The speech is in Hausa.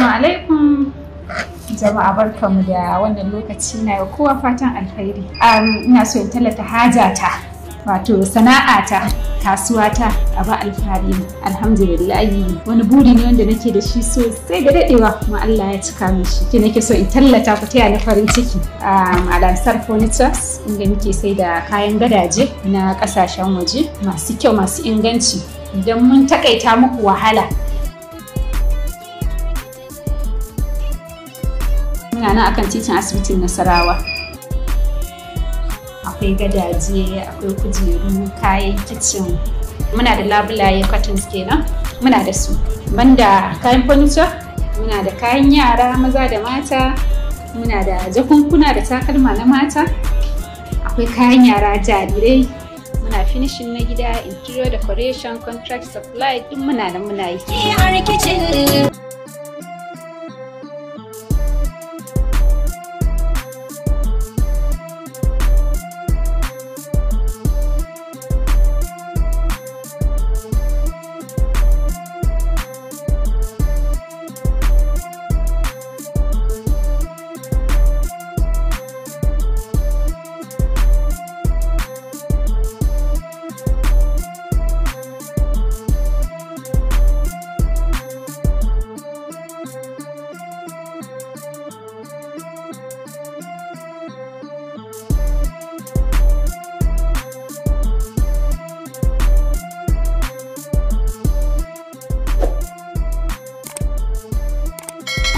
Assalamu alaikum. Jama'a barkamu da wannan lokaci na yau kowa fatan alkhairi. Ina so in tallata hajata, wato sana'ata, kasuwata, ba alfahari. Alhamdulillahi wani buri ne wanda nake da shi sosai da daɗewa kuma Allah ya cika min shi. Ke nake so in tallata ku taya na farin ciki. A Lansar Furnitures inda muke sai da kayan gadaje na kasashen waje masu kyau masu inganci. Idan mun takaita muku wahala jinya na akan titin asibitin nasarawa akwai gadaje akwai kujeru kayan kicin muna da labulaye cuttings kenan muna da su banda kayan furniture muna da kayan yara maza da mata muna da jakunkuna da takalma na mata akwai kayan yara jarirai muna finishin na gida interior decoration contract supply duk muna da muna yi